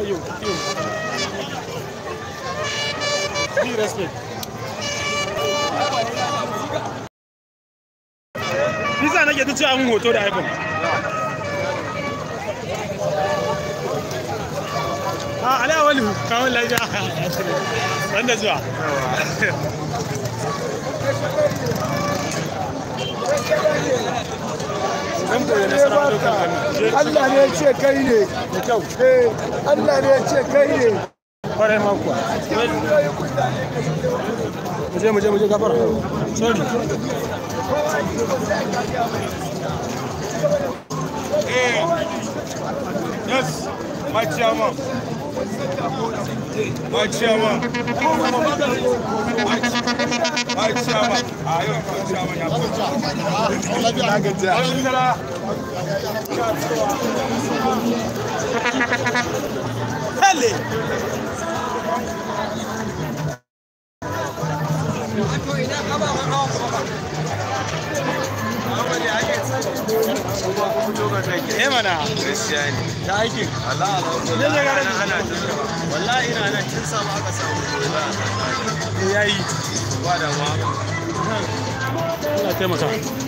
Vai eu, eu. Be respect. Bisa nake ta hoto da iPhone. Ah, ala wali kawai lafiya. Wanda Allah ne ce kai ne Allah ne ce kai ne kwarai makuwa muje muje muje gafara sorry eh yes my chairman my chairman my chairman Hele! Eh mana? Gaskiya ne. Ta aiki. Allah Allah. Ne ne garin? Ana ana. Wallahi ina ana kin samu aka samu. Wallahi. ya yi ba da ma Allah taimaka